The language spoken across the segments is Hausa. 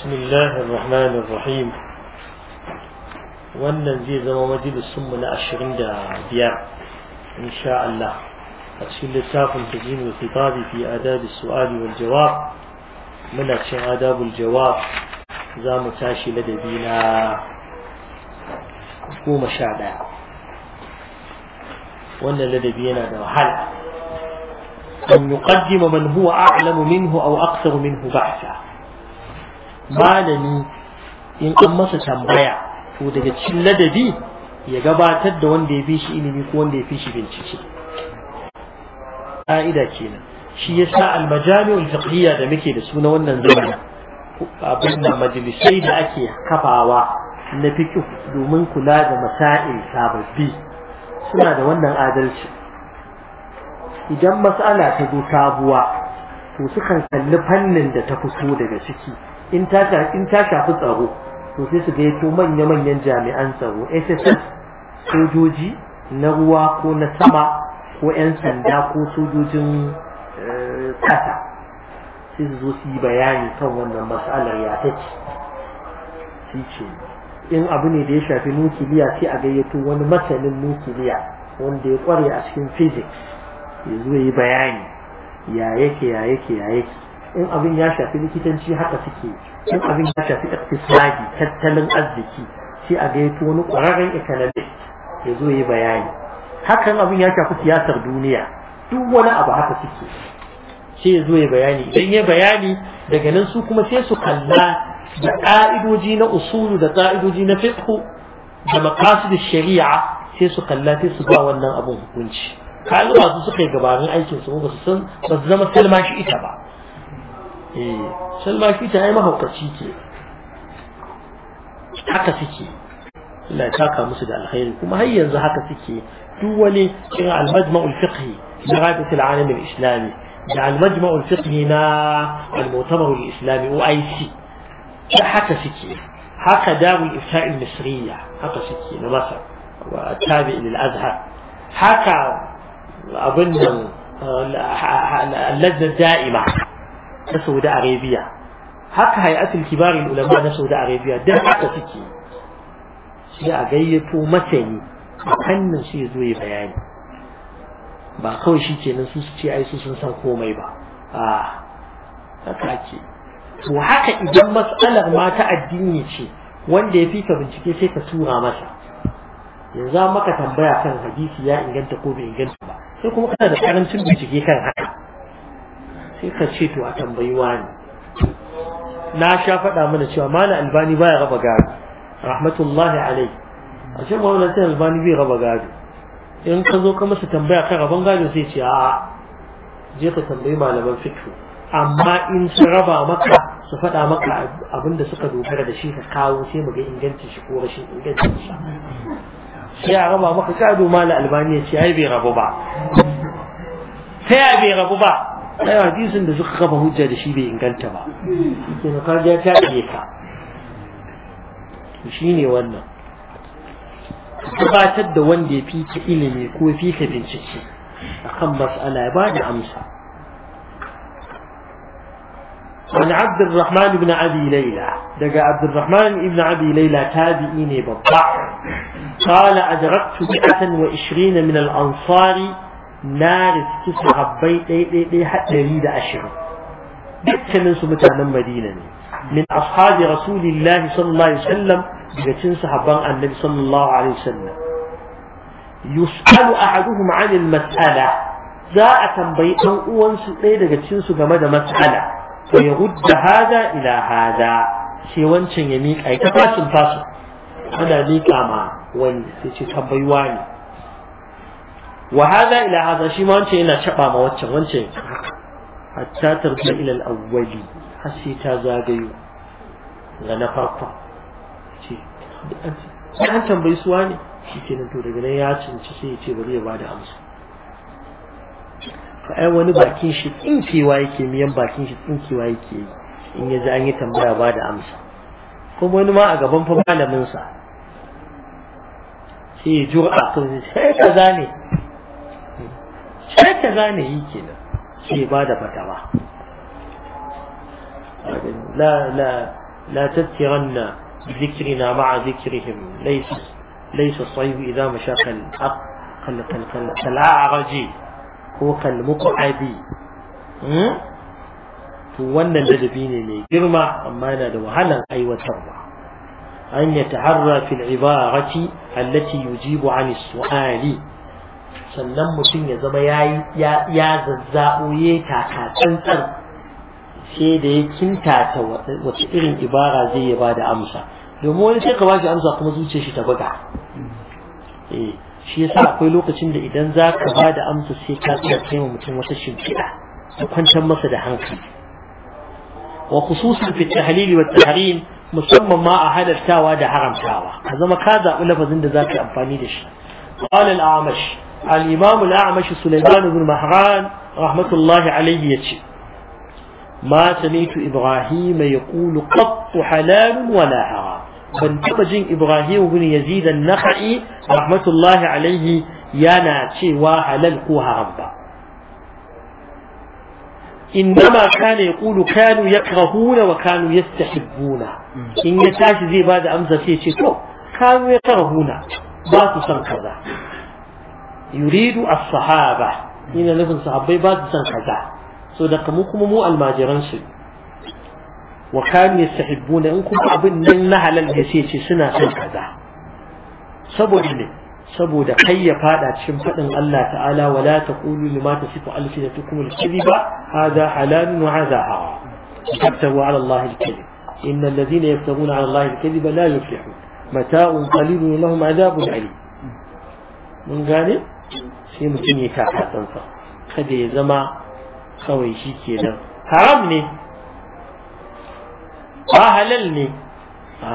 بسم الله الرحمن الرحيم wannan zai zama majalisun mu na ashirin da biyar insha Allah a cikin littafin tajin wa kitabi fi adab su'ali wal jawab muna cin adabul jawab za mu tashi ladabi na goma sha ɗaya wannan ladabi yana da wahala أن يقدم من هو أعلم منه أو أكثر منه بحثا malami in an masa tambaya to daga cin ladabi ya gabatar da wanda ya fi shi ilimi ko wanda ya fi shi bincike ƙa'ida kenan shi yasa al-majami'ul tafiya da muke da suna wannan zamanin abin da majalisai da ake kafawa na fiqh domin kula da masail sababbi suna da wannan adalci idan mas'ala ta zo sabuwa to sukan kalli fannin da ta fito daga ciki in ta in ta shafi tsaro to sai su gayyato manya-manyan jami'an tsaro SSS sojoji na ruwa ko na sama ko 'yan sanda ko sojojin kasa eh, sai su zo su yi bayani kan wannan matsalar ya ta ce ce in abu ne da ya shafi nukiliya sai a gayyato wani masanin nukiliya wanda ya kware a cikin physics ya zo yi bayani ya yake ya yake ya yake in abin ya shafi likitanci haka suke in abin ya shafi iktisadi tattalin arziki sai a gaito wani ƙwararren economist ya zo yi bayani hakan abin ya shafi siyasar duniya duk wani abu haka suke sai ya zo ya bayani idan ya bayani daga nan su kuma sai su kalla da ƙa'idoji na usulu da ƙa'idoji na fiqhu da maqasid shari'a sai su kalla sai su ba wannan abin hukunci kayan ba su suka yi gabanin aikin su ba su san ba zama salma shi ita ba eh sallaki ta yi mahaukaci ke haka suke Allah ya taka musu da alkhairi kuma har yanzu haka suke duk wani irin al-majma'ul fiqhi na rabitul alam al-islami da al-majma'ul fiqhi na al-mu'tamar al-islami OIC da haka suke haka darul ifta' al-misriya haka suke na masa wa tabi lil azhar haka abin nan اللجنة الدائمة na Saudi Arabia haka hay'atul kibarin ulama na Saudi Arabia da haka suke sai a gayyato masani a shi zo ya bayani ba kawai shi kenan su su ce ai su sun san komai ba a haka ce to haka idan matsalar ma ta addini ce wanda ya fi ka bincike sai ka tura masa yanzu maka tambaya kan hadisi ya inganta ko bai inganta ba sai kuma kana da karancin bincike kan haka sai ka ce to a tambayi wani na sha faɗa mana cewa malam albani baya raba gado rahmatullahi alai a ce mawala sai albani bai raba gado in ka zo ka masa tambaya kan raban gado sai ce a je ka tambayi malaman fiqh amma in su raba maka su faɗa maka abin da suka dogara da shi ka kawo sai mu ga ingancin shi ko rashin ingancin shi sai a raba maka gado malam albani ya ce ai bai rabu ba sai bai rabu ba ai hadisin da suka kafa hujja da shi bai inganta ba kenan ka ga ta ke ka shine wannan gabatar da wanda ya fi ka ilimi ko ya fi ka bincike akan mas'ala ya bada amsa عن عبد الرحمن بن أبي ليلى دقى عبد الرحمن بن أبي ليلى تابعيني بالضعف قال أدركت مئة وعشرين من الأنصار na riski sahabbai ɗaiɗaiɗai haɗari da ashirin dukkanin su mutanen madina ne min ashabi rasulillahi sallallahu alaihi wasallam daga cin sahabban annabi sallallahu alaihi wasallam yus'alu ahaduhum 'an al-mas'ala za a tambayi dan uwansu ɗaya daga cin su game da mas'ala fa yudda hada ila hada sai wancan ya miƙa ita fasin fasin ana miƙa ma wani sai ce tambayuwa ne wa hada ila hada shi ma wancan yana caba ma wancan wancan hatta tarda ila al-awwali har sai ta zagayo ga na farko ce an tambayi suwa ne shi ke nan to daga nan ya cinci sai ya ce bari ya bada amsa ka ai wani bakin shi tsinkewa yake miyan bakin shi tsinkewa yake yi in ya ji an yi tambaya ba da amsa kuma wani ma a gaban fa malamin sai ya jura a to sai kaza ne sai ta gane yi kenan ke ba da fatawa la la la tatsiranna ذكرنا مع ذكرهم ليس ليس الصيف إذا مشى كالأعرج هو كالمقعد wannan ladabi ne mai girma amma yana da wahalar aiwatarwa an ya taharra fil ibarati allati yujibu an su'ali sannan mutum ya zama ya zazzaɓo ya ta tsantsan sai da ya kintata wace irin ibara zai ya bada amsa domin wani sai ka bashi amsa kuma zuciyar shi ta buga eh shi yasa akwai lokacin da idan za ka da amsa sai ka tsaya kai mutum wata shimfiɗa ta kwantar masa da hankali wa khususan fi tahlili wa tahrim musamman ma a halartawa da haramtawa ka zama ka zaɓi lafazin da za ka yi amfani da shi qala al-amash الإمام الأعمش سليمان بن مهران رحمة الله عليه يتشي ما سمعت إبراهيم يقول قط حلال ولا حرام فانتبجن إبراهيم بن يزيد النخعي رحمة الله عليه يانا تشي وحلال قوها ربا إنما كان يقول كانوا يكرهون وكانوا يستحبون إن يتاش زي بعد أمزة فيه كانوا يكرهون باتوا سنكذا يريد الصحابة إن نفن صحابي بعد سن كذا صدق مكم مو الماجران سي وكانوا يستحبون إنكم أبن نهل الجسيسي سنة سن كذا سبب saboda kai ya fada cikin fadin Allah ta'ala wala taqulu lima tasifu alsinatukum al-kadhiba hadha halalun wa hadha haram tabtahu 'ala Allah al-kadhib inna alladhina yaftaruna 'ala Allah al-kadhiba la yuflihun mata'un qalilun lahum 'adhabun 'alim mun gane sai mutum ya ta hatsansa kada ya zama kawai shi ke nan haram ne ba halal ne a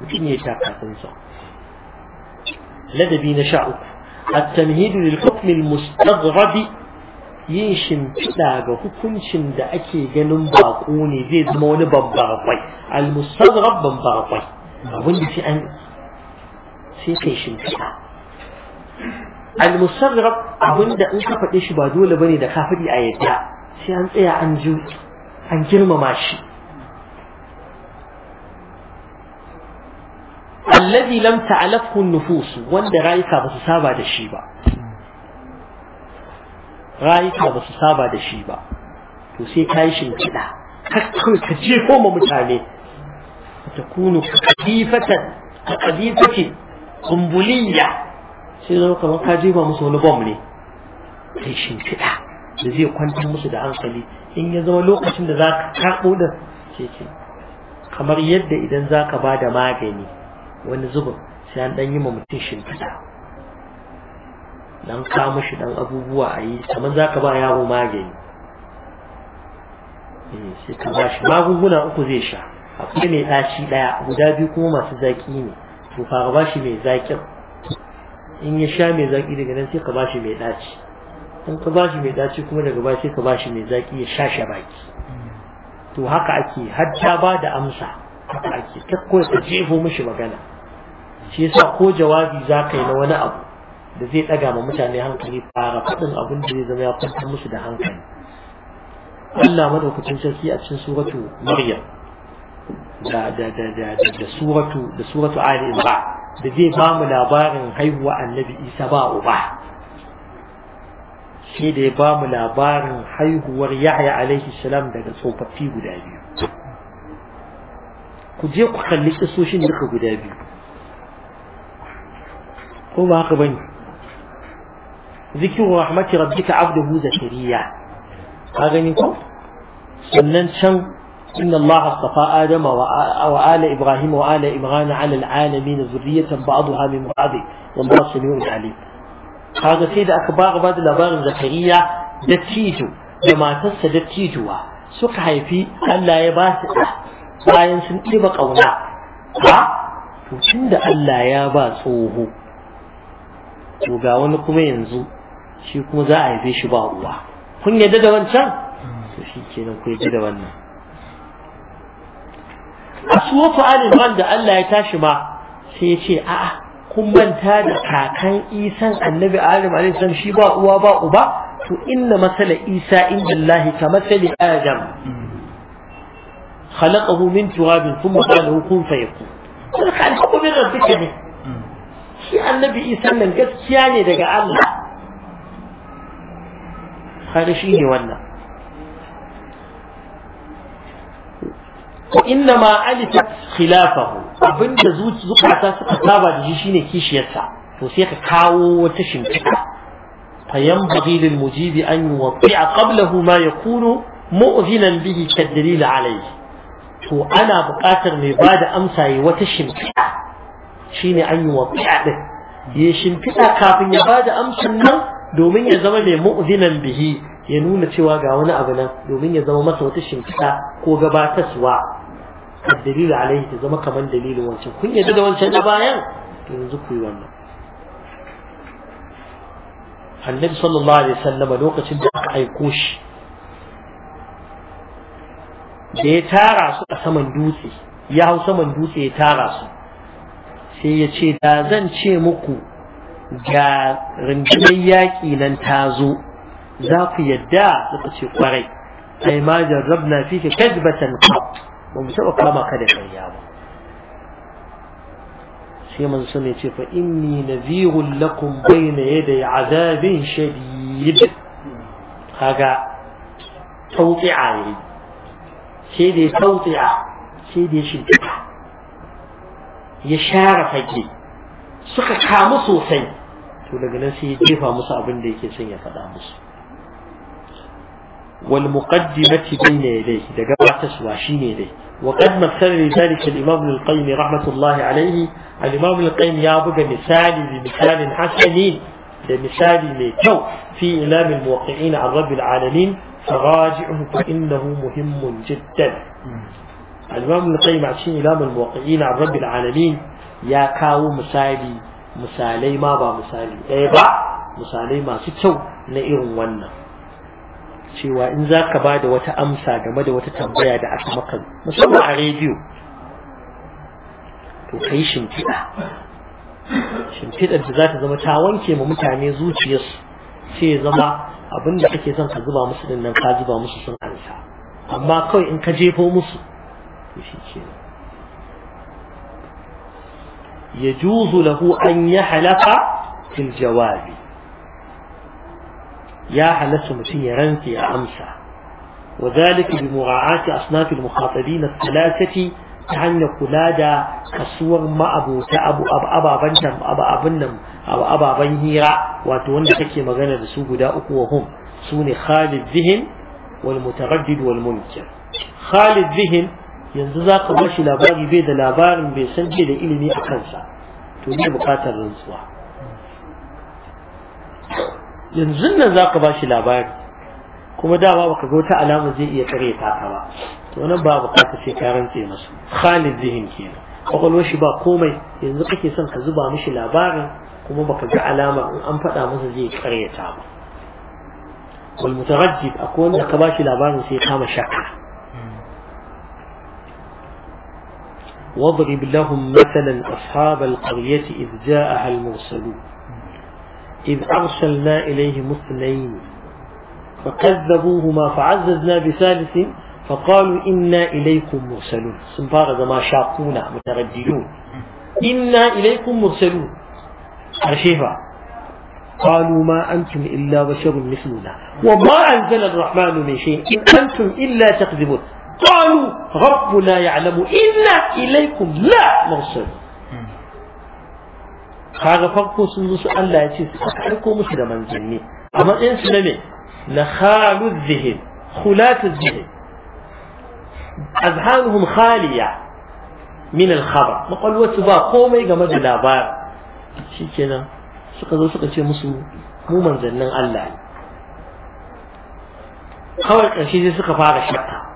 mutum ya ta hatsansa ladabi na sha uku التمهيد للحكم المستغرب يشم تلاقى حكم شم دأكي جنم باقوني زيد مون بمبارطي المستغرب بمبارطي ما وين في أن سيكي شم تلاقى al-musarrab abinda in ka faɗe shi ba dole bane da ka faɗi a yadda sai an tsaya an ji an girmama shi alladhi lam ta'alafhu an-nufus wanda rayuka ba su saba da shi ba rayuka ba su saba da shi ba to sai kai shin kida ka je koma mutane ta kunu kadifatan kadifati kumbuliya sai zama kamar ka jefa musu wani bom ne sai shimfiɗa da zai kwantar musu da hankali in ya zama lokacin da za ka karɓo da keke kamar yadda idan za ka ba da magani wani zubin sai an ɗan yi ma mutum shimfiɗa dan ka mushi dan abubuwa a yi kamar za ka ba yaro magani eh, sai ka ba shi magunguna uku zai sha akwai mai ɗaci ɗaya guda biyu kuma masu zaƙi ne to fara ba shi mai zaƙin in ya sha mai zaki daga nan sai ka bashi mai daci in ka bashi mai daci kuma daga baya sai ka bashi mai zaki ya sha sha baki to haka ake hatta ba da amsa haka ake kakko ka jefo mishi magana shi yasa ko jawabi za ka yi na wani abu da zai ɗaga ma mutane hankali fara faɗin abin da zai zama ya kwantar musu da hankali Allah madaukakin sarki a cikin suratu Maryam da da da da da suratu da suratu Ali Imran da zai ba mu labarin haihuwa annabi isa ba uba shi da ya ba mu labarin haihuwar yahya alaihi salam daga tsofaffi guda biyu ku je ku kalli kisoshin duka guda biyu ko ba haka bane zikiru rahmatu rabbika abduhu zakariya ka gani ko sannan can إن الله اصطفى آدم وآل إبراهيم وآل إبراهيم على العالمين ذرية بعضها من بعض والله سميع عليم هذا سيد أكبر بعد لبار زكريا دتيجو لما تس دتيجوا هاي في ألا يباس لا sun ɗiba ƙauna ha to tun da Allah ya ba tsoho to ga wani kuma yanzu shi kuma za a يدد shi a suwatu alimran da Allah ya tashi ba sai ya ce a'a kun manta da kakan isan annabi alim alaihissalam shi ba uwa ba uba to inna matsala isa inda Allah ka masali adam خلقه من تراب kun قال له كن فيكون الحق da ربك ne shi annabi isan nan gaskiya ne daga Allah kada shi ne wannan وإنما ألفت خلافه أبن تزوج زوجة تتابع جيشين كيش يسا توسيق كاو وتشم فينبغي للمجيب أن يوقع قبله ما يكون مؤذنا به كالدليل عليه تو أنا بقاتر مبادة أمسى وتشم شين أن يوقع به يشم كتا كافي مبادة أمسى دومين يزمن مؤذنا به ينون تواقعون أبنا دومين يزمن مسوة الشمكتا كوغباتس واع الدليل عليه إذا ما كمان دليل وانشان كن يجد وانشان نبايا ينزق في وانا النبي صلى الله عليه وسلم لوقة جاك عيقوش da ya tara su a saman dutse ya hau saman dutse ya tara su sai yace ce da zan ce muku ga rindinan yaƙi nan ta zo za ku yadda suka ce kwarai ai ma jarrabna fi ka kajbatan qat ba mu taɓa kama ka da ƙarya ba sai mun sun ya ce fa inni nadhirul lakum bayna yaday azabin shadid kaga tawqi'a sai dai tawqi'a sai dai shi ya share fage suka kamu sosai to daga nan sai ya jefa musu abin da yake son ya faɗa musu والمقدمة بين يديه دقوا تسوى شين يديه وقد مثل لذلك الإمام ابن القيم رحمة الله عليه الإمام ابن القيم يابق مثال بمثال حسنين لمثال ميتو في إلام الموقعين عن رب العالمين فراجعه فإنه مهم جدا الإمام ابن القيم عشان إلام الموقعين عن رب العالمين يا كاو مثالي مثالي ما با مثالي إيه با مثالي ما ستو نئر ونه cewa in zaka ka ba da wata amsa game da wata tambaya da aka maka musamman a radio to ka yi shimfiɗa shimfiɗar da za zama ta wanke mu mutane zuciyarsu ce zama abin da kake son ka zuba musu din nan ka zuba musu sun ansa amma kawai in ka jefo musu to shi ke yajuzu lahu an yahlaqa fil jawabi يا حلس رنت يا أمسى وذلك بمراعاة أصناف المخاطبين الثلاثة تعني كلادا كسور ما أبو تأبو أب أبا بنتم أبا أبنم أو أبا بنهيرا واتوان تكي مغانا بسوق دا أقوهم سون خالد ذهن والمتردد والمنكر خالد ذهن ينزل قبش ka بيد labari bai da أكنسا bai بقاتل bai yanzu nan za ka ba shi labari kuma dama baka ga wata alama zai iya tsare ta ka ba to nan ba bukata sai ka rantse masu khalid zihin kenan kwakwalwar shi ba komai yanzu kake son ka zuba mishi labarin kuma baka ga alama in an faɗa masa zai tsare ta ba wal mutarajjid akwai wanda ka ba shi labarin sai kama shakka واضرب لهم مثلا أصحاب القرية إذ جاءها المرسلون إذ أرسلنا إليهم اثنين فكذبوهما فعززنا بثالث فقالوا إنا إليكم مرسلون سنبارة ما شاقونا مترددون إنا إليكم مرسلون أرشيفا قالوا ما أنتم إلا بشر مثلنا وما أنزل الرحمن من شيء إن أنتم إلا تكذبون قالوا ربنا يعلم إنا إليكم لا مرسلون kaga farko sun zo su Allah ya ce su aiko musu da manzanni a matsayin su na me na khalu zihin khulat zihin azhanuhum khaliya min al-khabar makwalwatu ba komai game da labarin shikenan suka zo suka ce musu mu manzannin Allah Hawar kawai ƙarshe sai suka fara shakka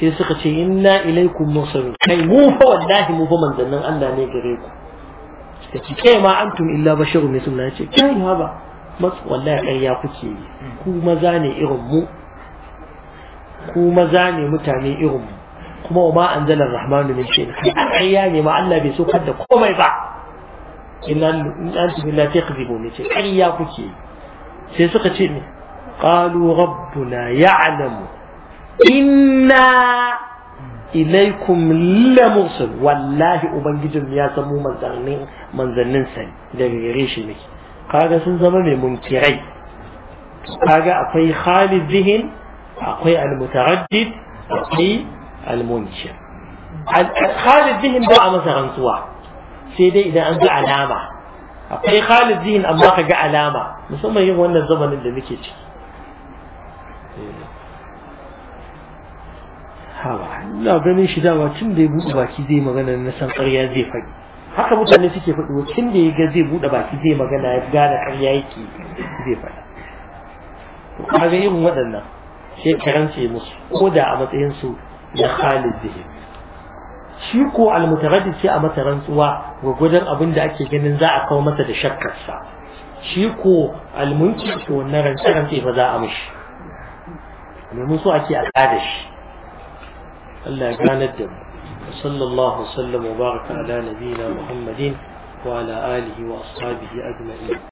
sai suka ce inna ilaikum mursalun kai mu fa wallahi mu fa manzannin Allah ne gare ku suka ce kai ma antum illa basharun mithlu ya ce kai ba mas wallahi ya kuke yi ku maza ne irin mu ku maza ne mutane irin mu kuma wa ma anzalar rahmanu min shay'in ya ne ma Allah bai saukar da komai ba inna antum illa takdhibun ce ƙarya kuke yi sai suka ce ne qalu rabbuna ya'lamu inna ilaikum lamursul wallahi ubangijin ya samu manzannin manzannin sa da gare shi ne kaga sun zama mai munkirai kaga akwai khalid zihin akwai almutaraddid akwai almunkir khalid zihin ba a masa rantsuwa sai dai idan an ga alama akwai khalid zihin amma ka ga alama musamman yin wannan zamanin da muke ciki eh. hawa ina ganin shi dama tun da ya buɗe baki zai magana na san ƙarya zai faɗi haka mutane suke faɗi tun da ya ga zai buɗe baki zai magana ya gane ƙarya yake zai faɗi to kaga irin waɗannan sai karance musu ko da a matsayin su na Khalid zai shi ko almutaraddid sai a masa rantsuwa gwagwadon abin da ake ganin za a kawo masa da shakkarsa shi ko almunki to wannan rantsa ba za a mishi domin so ake a tsada shi ألا كان الدم وصلى الله وسلم وبارك على نبينا محمد وعلى آله وأصحابه أجمعين